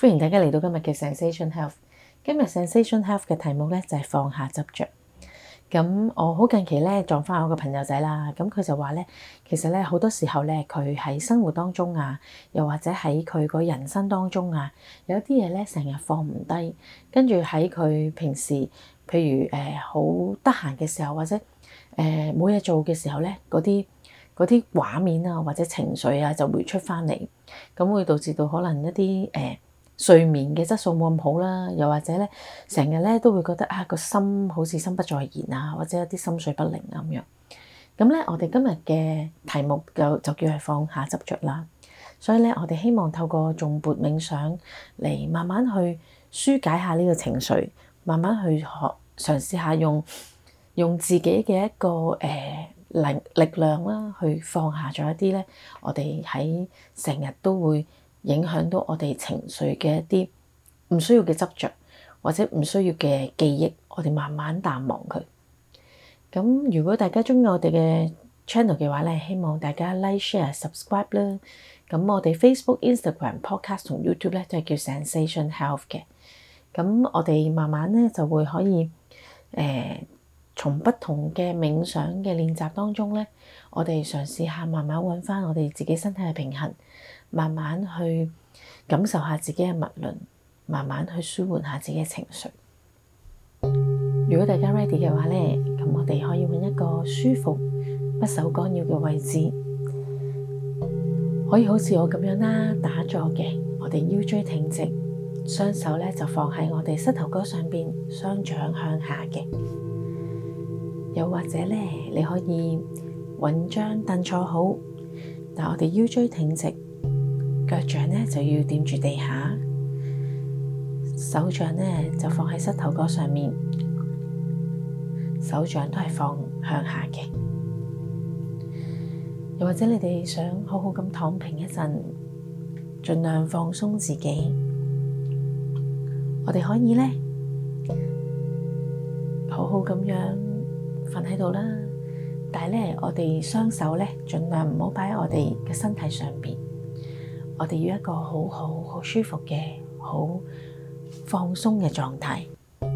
歡迎大家嚟到今日嘅 Sensation Health。今日 Sensation Health 嘅題目咧就係放下執著。咁我好近期咧撞翻我個朋友仔啦。咁佢就話咧，其實咧好多時候咧，佢喺生活當中啊，又或者喺佢個人生當中啊，有啲嘢咧成日放唔低，跟住喺佢平時，譬如誒好得閒嘅時候，或者誒冇嘢做嘅時候咧，嗰啲嗰啲畫面啊，或者情緒啊就會出翻嚟，咁會導致到可能一啲誒，睡眠嘅質素冇咁好啦，又或者咧，成日咧都會覺得啊個心好似心不在焉啊，或者一啲心緒不寧啊咁樣。咁咧，我哋今日嘅題目就就叫係放下執着啦。所以咧，我哋希望透過頌缽冥想嚟慢慢去疏解下呢個情緒，慢慢去學嘗試下用用自己嘅一個誒力、呃、力量啦，去放下咗一啲咧，我哋喺成日都會，影響到我哋情緒嘅一啲唔需要嘅執着，或者唔需要嘅記憶，我哋慢慢淡忘佢。咁如果大家鍾意我哋嘅 channel 嘅話咧，希望大家 like、share、subscribe 啦。咁我哋 Facebook、Instagram、Podcast 同 YouTube 咧就係叫 Sensation Health 嘅。咁我哋慢慢咧就會可以誒、呃，從不同嘅冥想嘅練習當中咧，我哋嘗試下慢慢揾返我哋自己身體嘅平衡。慢慢去感受下自己嘅脈輪，慢慢去舒緩下自己嘅情緒。如果大家 ready 嘅話呢，咁我哋可以揾一個舒服、不受干擾嘅位置，可以好似我咁樣啦，打坐嘅。我哋腰椎挺直，雙手呢就放喺我哋膝頭哥上邊，雙掌向下嘅。又或者呢，你可以揾張凳坐好，但我哋腰椎挺直。腳掌呢就要掂住地下，手掌呢就放喺膝頭哥上面，手掌都係放向下嘅。又或者你哋想好好咁躺平一陣，盡量放鬆自己，我哋可以呢，好好咁樣瞓喺度啦。但係呢，我哋雙手呢，盡量唔好擺喺我哋嘅身體上邊。我哋要一個好好、好舒服嘅、好放鬆嘅狀態。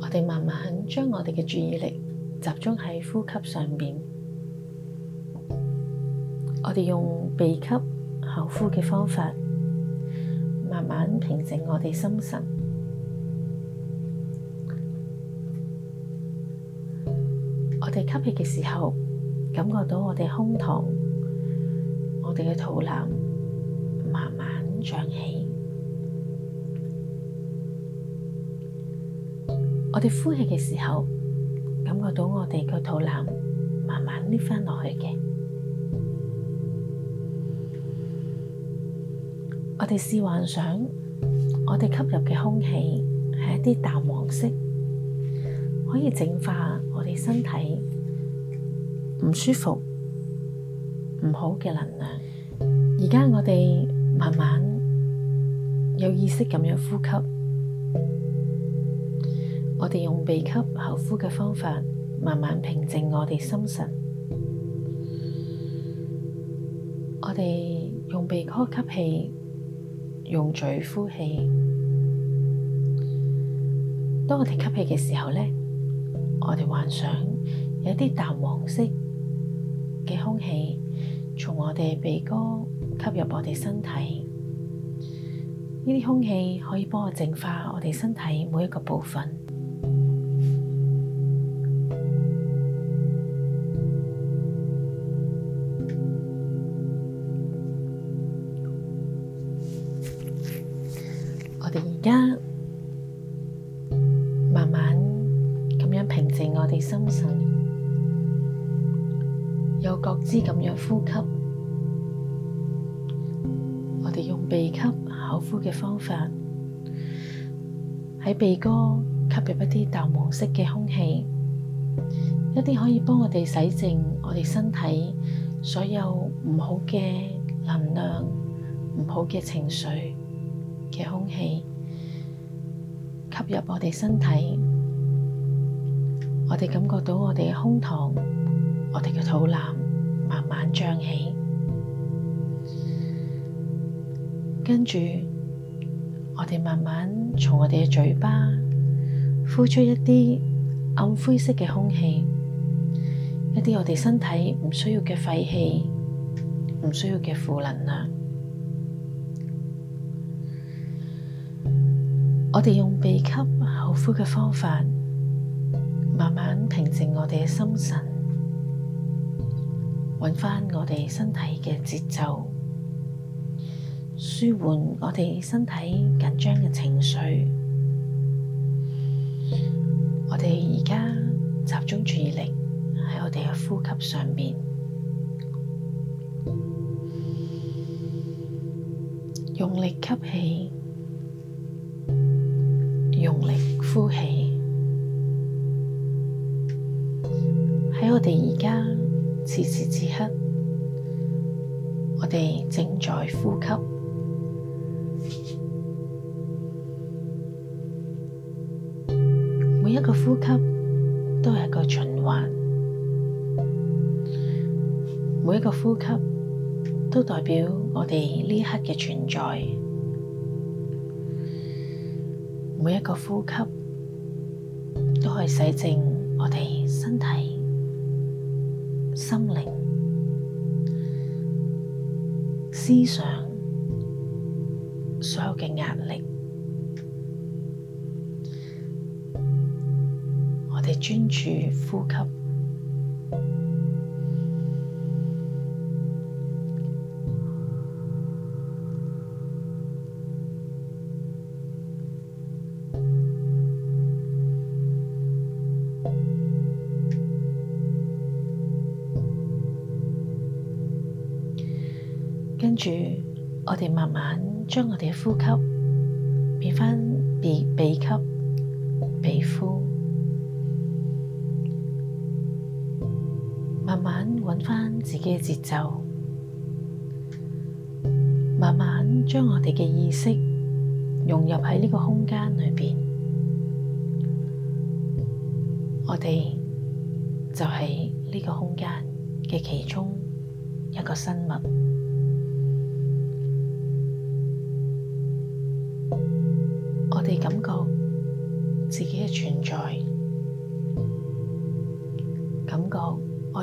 我哋慢慢將我哋嘅注意力集中喺呼吸上面。我哋用鼻吸、口呼嘅方法，慢慢平靜我哋心神。吸氣嘅時候，感覺到我哋胸膛、我哋嘅肚腩慢慢脹起；我哋呼氣嘅時候，感覺到我哋個肚腩慢慢 lift 翻落去嘅。我哋試幻想，我哋吸入嘅空氣係一啲淡黃色，可以淨化我哋身體唔舒服、唔好嘅能量。而家我哋慢慢有意識咁樣呼吸，我哋用鼻吸、口呼嘅方法，慢慢平靜我哋心神。我哋用鼻哥吸氣，用嘴呼氣。當我哋吸氣嘅時候呢，我哋幻想有一啲淡黃色。嘅空氣從我哋鼻哥吸入我哋身體，呢啲空氣可以幫我淨化我哋身體每一個部分。鼻哥吸入一啲淡黃色嘅空氣，一啲可以幫我哋洗淨我哋身體所有唔好嘅能量、唔好嘅情緒嘅空氣，吸入我哋身體，我哋感覺到我哋嘅胸膛、我哋嘅肚腩慢慢脹起，跟住。我哋慢慢從我哋嘅嘴巴呼出一啲暗灰色嘅空氣，一啲我哋身體唔需要嘅廢氣，唔需要嘅負能量。我哋用鼻吸口呼嘅方法，慢慢平靜我哋嘅心神，搵返我哋身體嘅節奏。舒緩我哋身體緊張嘅情緒，我哋而家集中注意力喺我哋嘅呼吸上面，用力吸氣，用力呼氣，喺我哋而家此時此刻，我哋正在呼吸。呼吸都係一個循環，每一個呼吸都代表我哋呢刻嘅存在，每一個呼吸都可以洗淨我哋身體、心靈、思想所有嘅壓力。專注呼吸，跟住我哋慢慢將我哋嘅呼吸變翻鼻鼻吸，鼻呼。搵返自己嘅節奏，慢慢將我哋嘅意識融入喺呢個空間裏面。我哋就係呢個空間嘅其中一個生物。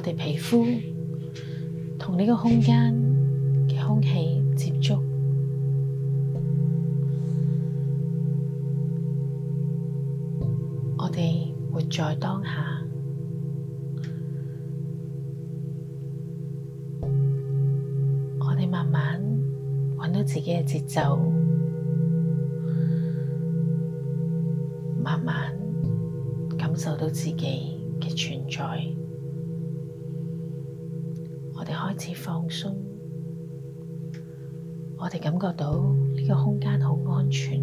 我哋皮膚同呢個空間嘅空氣接觸，我哋活在當下，我哋慢慢搵到自己嘅節奏，慢慢感受到自己嘅存在。開始放鬆，我哋感覺到呢個空間好安全，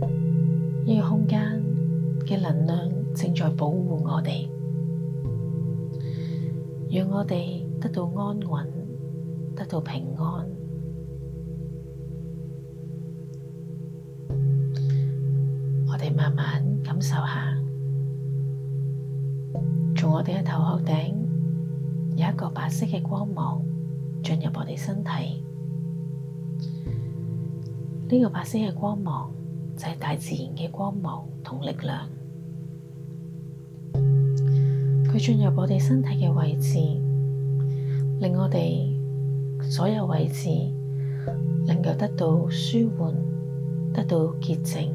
呢個空間嘅能量正在保護我哋，讓我哋得到安穩，得到平安。我哋慢慢感受下，從我哋嘅頭殼頂。有一個白色嘅光芒進入我哋身體，呢個白色嘅光芒就係大自然嘅光芒同力量。佢進入我哋身體嘅位置，令我哋所有位置能夠得到舒緩、得到潔淨，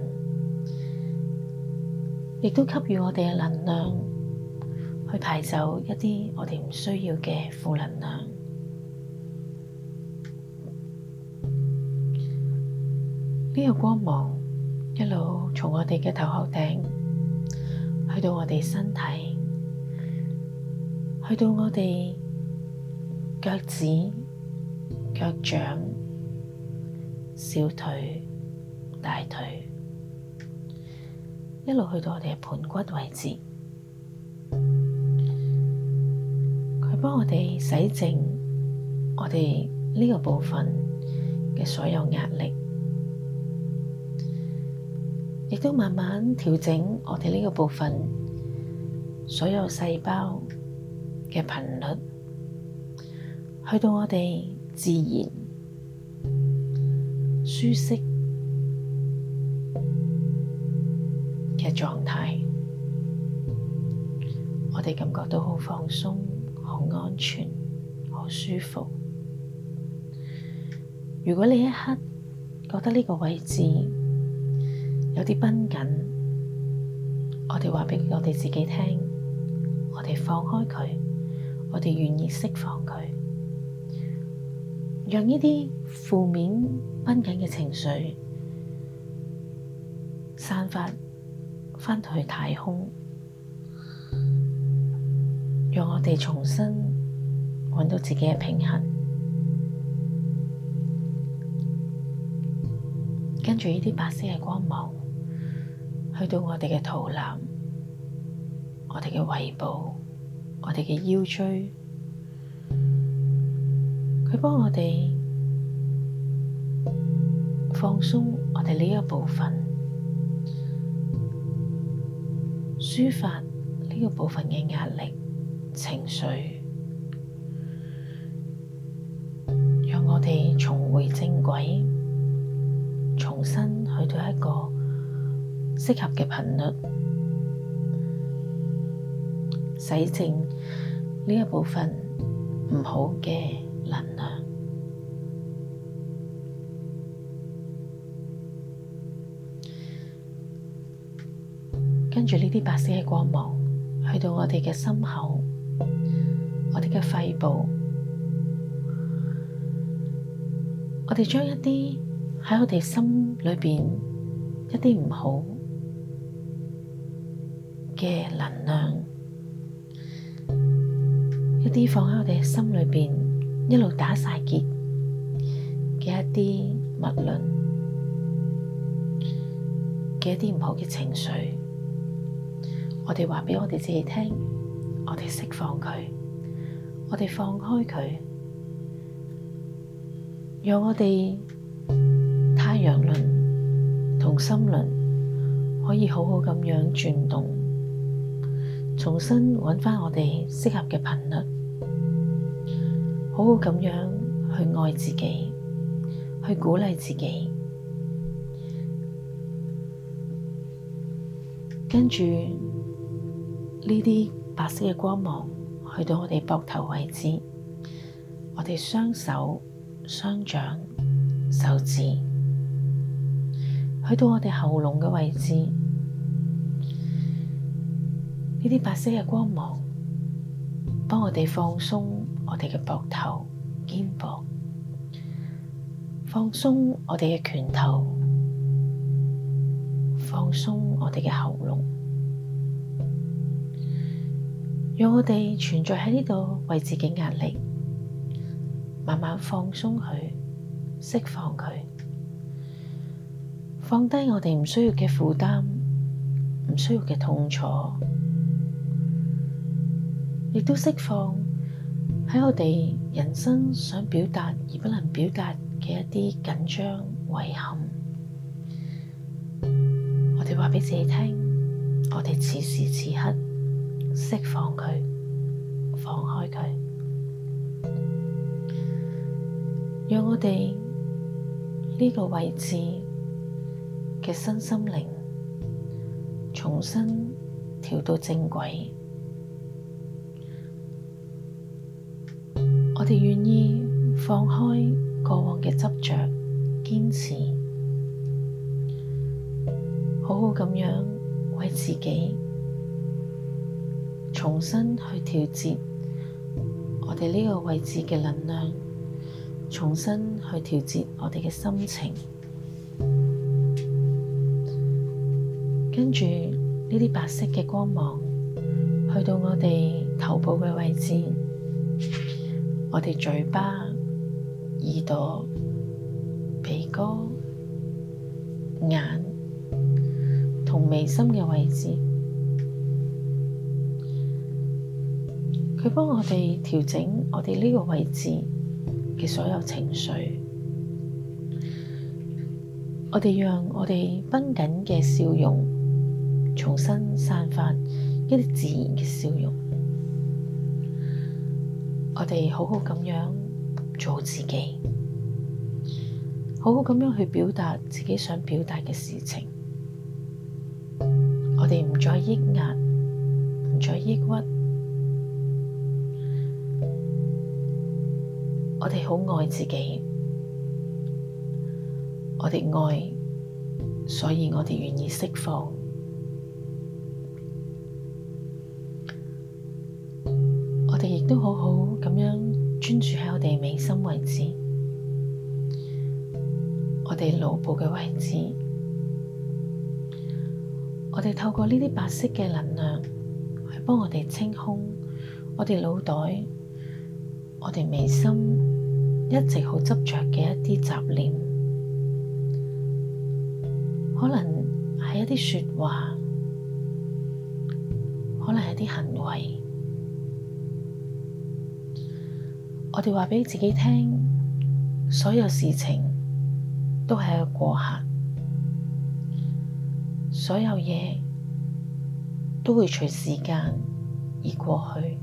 亦都給予我哋嘅能量。去排走一啲我哋唔需要嘅負能量。呢、這個光芒一路從我哋嘅頭殼頂去到我哋身體，去到我哋腳趾、腳掌、小腿、大腿，一路去到我哋嘅盤骨位置。幫我哋洗淨我哋呢個部分嘅所有壓力，亦都慢慢調整我哋呢個部分所有細胞嘅頻率，去到我哋自然舒適嘅狀態，我哋感覺到好放鬆。好安全，好舒服。如果你一刻覺得呢個位置有啲繃緊，我哋話畀我哋自己聽，我哋放開佢，我哋願意釋放佢，讓呢啲負面繃緊嘅情緒散發返去太空。讓我哋重新搵到自己嘅平衡，跟住呢啲白色嘅光芒去到我哋嘅肚腩、我哋嘅胃部、我哋嘅腰椎，佢幫我哋放鬆我哋呢一部分，抒發呢個部分嘅壓力。情緒，讓我哋重回正軌，重新去到一個適合嘅頻率，洗淨呢一部分唔好嘅能量。跟住呢啲白色嘅光芒，去到我哋嘅心口。我哋嘅肺部，我哋將一啲喺我哋心裏邊一啲唔好嘅能量，一啲放喺我哋心裏邊一路打晒結嘅一啲物論嘅一啲唔好嘅情緒，我哋話俾我哋自己聽，我哋釋放佢。我哋放開佢，讓我哋太陽輪同心輪可以好好咁樣轉動，重新搵返我哋適合嘅頻率，好好咁樣去愛自己，去鼓勵自己，跟住呢啲白色嘅光芒。去到我哋膊頭位置，我哋雙手、雙掌、手指，去到我哋喉嚨嘅位置，呢啲白色嘅光芒，幫我哋放鬆我哋嘅膊頭、肩膊，放鬆我哋嘅拳頭，放鬆我哋嘅喉嚨。讓我哋存在喺呢度，為自己壓力，慢慢放鬆佢，釋放佢，放低我哋唔需要嘅負擔，唔需要嘅痛楚，亦都釋放喺我哋人生想表達而不能表達嘅一啲緊張、遺憾。我哋話畀自己聽，我哋此時此刻。釋放佢，放開佢，讓我哋呢個位置嘅身心靈重新調到正軌。我哋願意放開過往嘅執着、堅持，好好咁樣為自己。重新去調節我哋呢個位置嘅能量，重新去調節我哋嘅心情，跟住呢啲白色嘅光芒去到我哋頭部嘅位置，我哋嘴巴、耳朵、鼻哥、眼同眉心嘅位置。佢幫我哋調整我哋呢個位置嘅所有情緒，我哋讓我哋繃緊嘅笑容重新散發一啲自然嘅笑容，我哋好好咁樣做自己，好好咁樣去表達自己想表達嘅事情，我哋唔再抑壓，唔再抑鬱。我哋好愛自己，我哋愛，所以我哋願意釋放。我哋亦都好好咁樣專注喺我哋眉心位置，我哋腦部嘅位置，我哋透過呢啲白色嘅能量，去幫我哋清空我哋腦袋，我哋眉心。一直好執着嘅一啲雜念，可能係一啲說話，可能係啲行為，我哋話畀自己聽，所有事情都係一個過客，所有嘢都會隨時間而過去，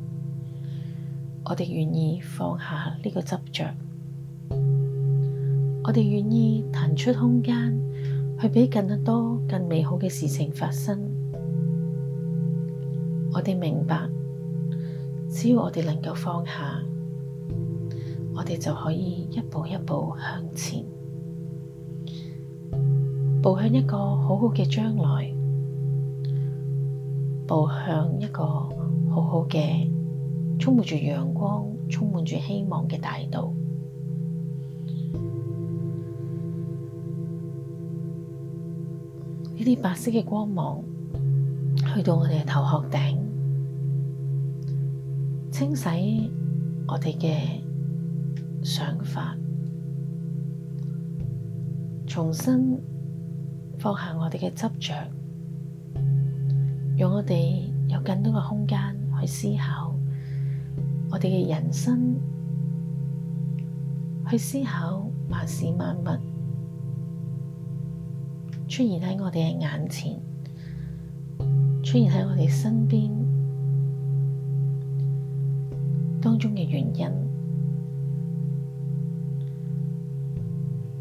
我哋願意放下呢個執着。我哋願意騰出空間去俾更多、更美好嘅事情發生。我哋明白，只要我哋能夠放下，我哋就可以一步一步向前，步向一個好好嘅將來，步向一個好好嘅充滿住陽光、充滿住希望嘅大道。呢啲白色嘅光芒去到我哋嘅頭殼頂，清洗我哋嘅想法，重新放下我哋嘅執着，讓我哋有更多嘅空間去思考我哋嘅人生，去思考萬事萬物。出現喺我哋嘅眼前，出現喺我哋身邊當中嘅原因，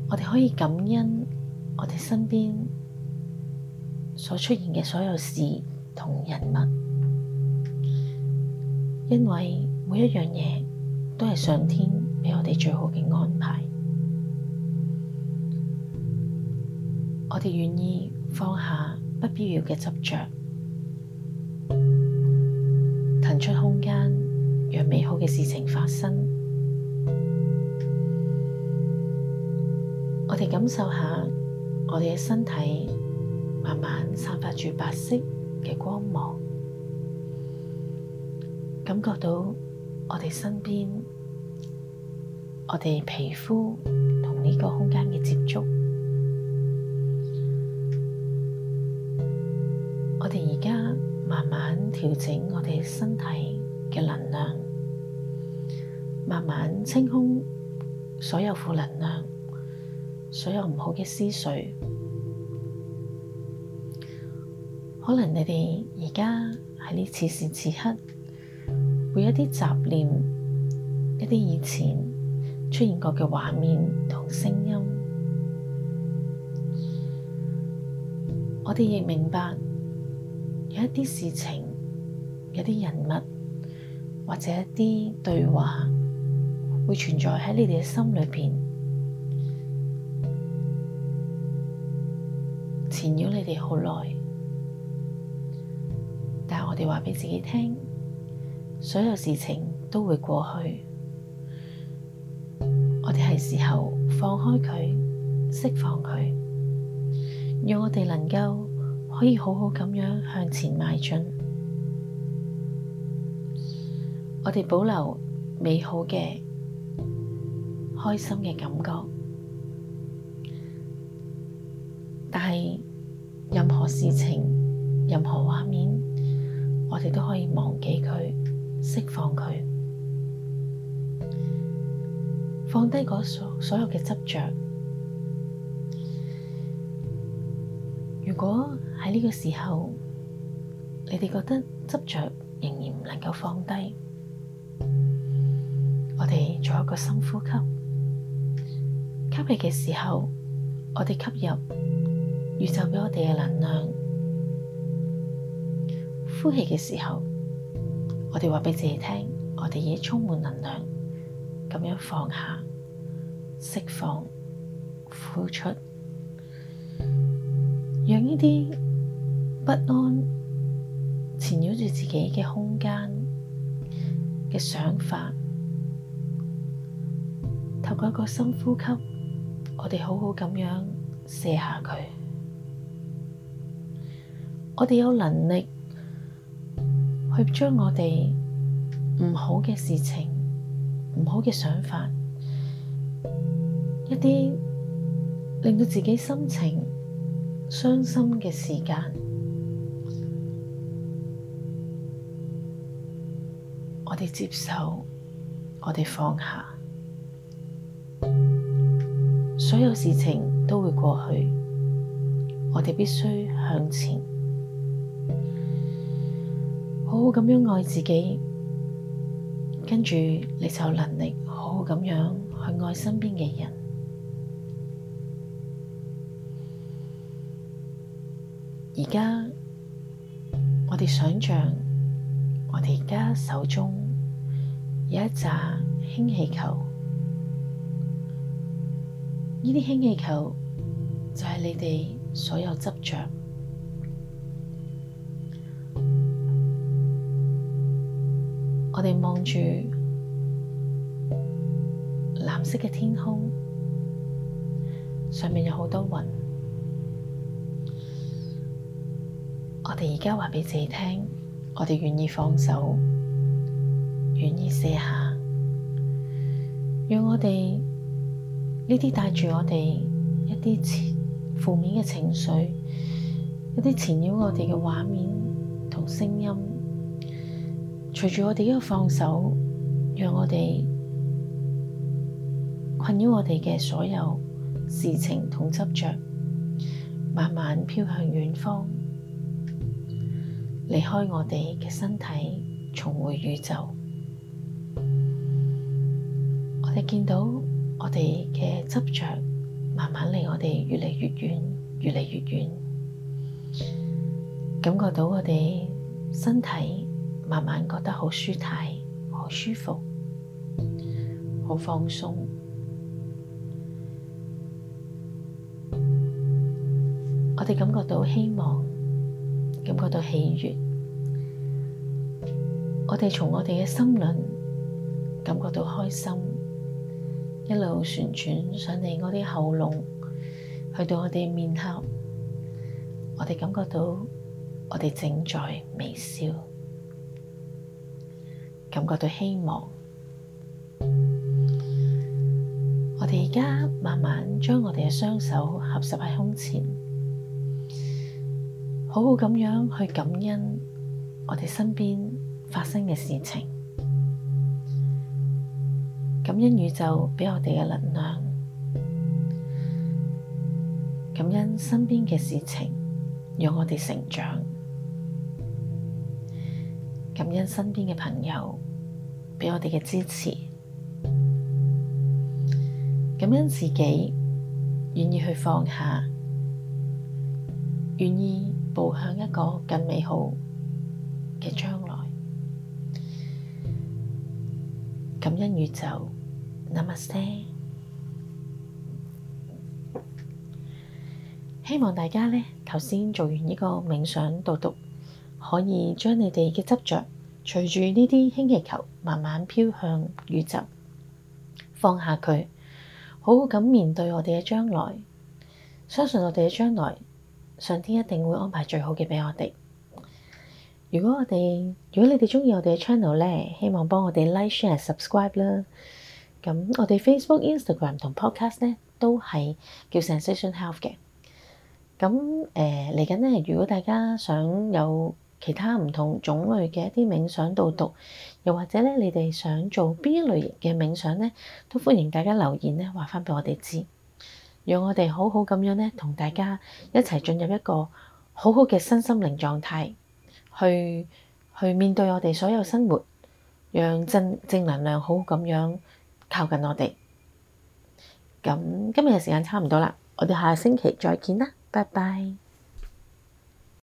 我哋可以感恩我哋身邊所出現嘅所有事同人物，因為每一樣嘢都係上天畀我哋最好嘅安排。我哋願意放下不必要嘅執着，騰出空間，讓美好嘅事情發生。我哋感受下，我哋嘅身體慢慢散發住白色嘅光芒，感覺到我哋身邊，我哋皮膚同呢個空間嘅接觸。調整我哋身體嘅能量，慢慢清空所有負能量，所有唔好嘅思緒。可能你哋而家喺呢此時此刻，會有一啲雜念，一啲以前出現過嘅畫面同聲音。我哋亦明白有一啲事情。有啲人物或者一啲對話，會存在喺你哋嘅心裏邊，纏繞你哋好耐。但係我哋話畀自己聽，所有事情都會過去，我哋係時候放開佢，釋放佢，讓我哋能夠可以好好咁樣向前邁進。我哋保留美好嘅開心嘅感覺，但係任何事情、任何畫面，我哋都可以忘記佢，釋放佢，放低嗰所有嘅執着。如果喺呢個時候，你哋覺得執着仍然唔能夠放低。我哋做一個深呼吸，吸氣嘅時候，我哋吸入宇宙畀我哋嘅能量；呼氣嘅時候，我哋話畀自己聽，我哋已經充滿能量。咁樣放下、釋放、呼出，讓呢啲不安纏繞住自己嘅空間。嘅想法，透過一個深呼吸，我哋好好咁樣卸下佢。我哋有能力去將我哋唔好嘅事情、唔好嘅想法、一啲令到自己心情傷心嘅時間。我哋接受，我哋放下，所有事情都會過去。我哋必須向前，好好咁樣愛自己，跟住你就有能力好好咁樣去愛身邊嘅人。而家我哋想象，我哋而家手中，有一扎氫氣球，呢啲氫氣球就係你哋所有執着。我哋望住藍色嘅天空，上面有好多雲。我哋而家話俾自己聽，我哋願意放手。願意卸下，讓我哋呢啲帶住我哋一啲負面嘅情緒，一啲纏繞我哋嘅畫面同聲音，隨住我哋一個放手，讓我哋困擾我哋嘅所有事情同執着，慢慢飄向遠方，離開我哋嘅身體，重回宇宙。見到我哋嘅執着，慢慢離我哋越嚟越遠，越嚟越遠。感覺到我哋身體慢慢覺得好舒坦、好舒服、好放鬆。我哋感覺到希望，感覺到喜悦。我哋從我哋嘅心輪感覺到開心。一路旋轉上你嗰啲喉嚨，去到我哋面頰，我哋感覺到我哋正在微笑，感覺到希望。我哋而家慢慢將我哋嘅雙手合十喺胸前，好好咁樣去感恩我哋身邊發生嘅事情。感恩宇宙畀我哋嘅能量，感恩身邊嘅事情讓我哋成長，感恩身邊嘅朋友畀我哋嘅支持，感恩自己願意去放下，願意步向一個更美好嘅將來，感恩宇宙。Namaste. 希望大家呢頭先做完呢個冥想導讀，可以將你哋嘅執着隨住呢啲氫氣球慢慢飄向宇宙，放下佢，好好咁面對我哋嘅將來。相信我哋嘅將來，上天一定會安排最好嘅畀我哋。如果我哋，如果你哋鍾意我哋嘅 channel 呢，希望幫我哋 like、share、subscribe 啦。咁我哋 Facebook、Instagram 同 Podcast 咧都係叫 Zensation Health 嘅。咁誒嚟緊咧，如果大家想有其他唔同種類嘅一啲冥想導讀，又或者咧你哋想做邊一類型嘅冥想咧，都歡迎大家留言咧話翻俾我哋知，讓我哋好好咁樣咧同大家一齊進入一個好好嘅身心靈狀態，去去面對我哋所有生活，讓正正能量好好咁樣。靠近我哋，咁今日嘅時間差唔多啦，我哋下個星期再見啦，拜拜。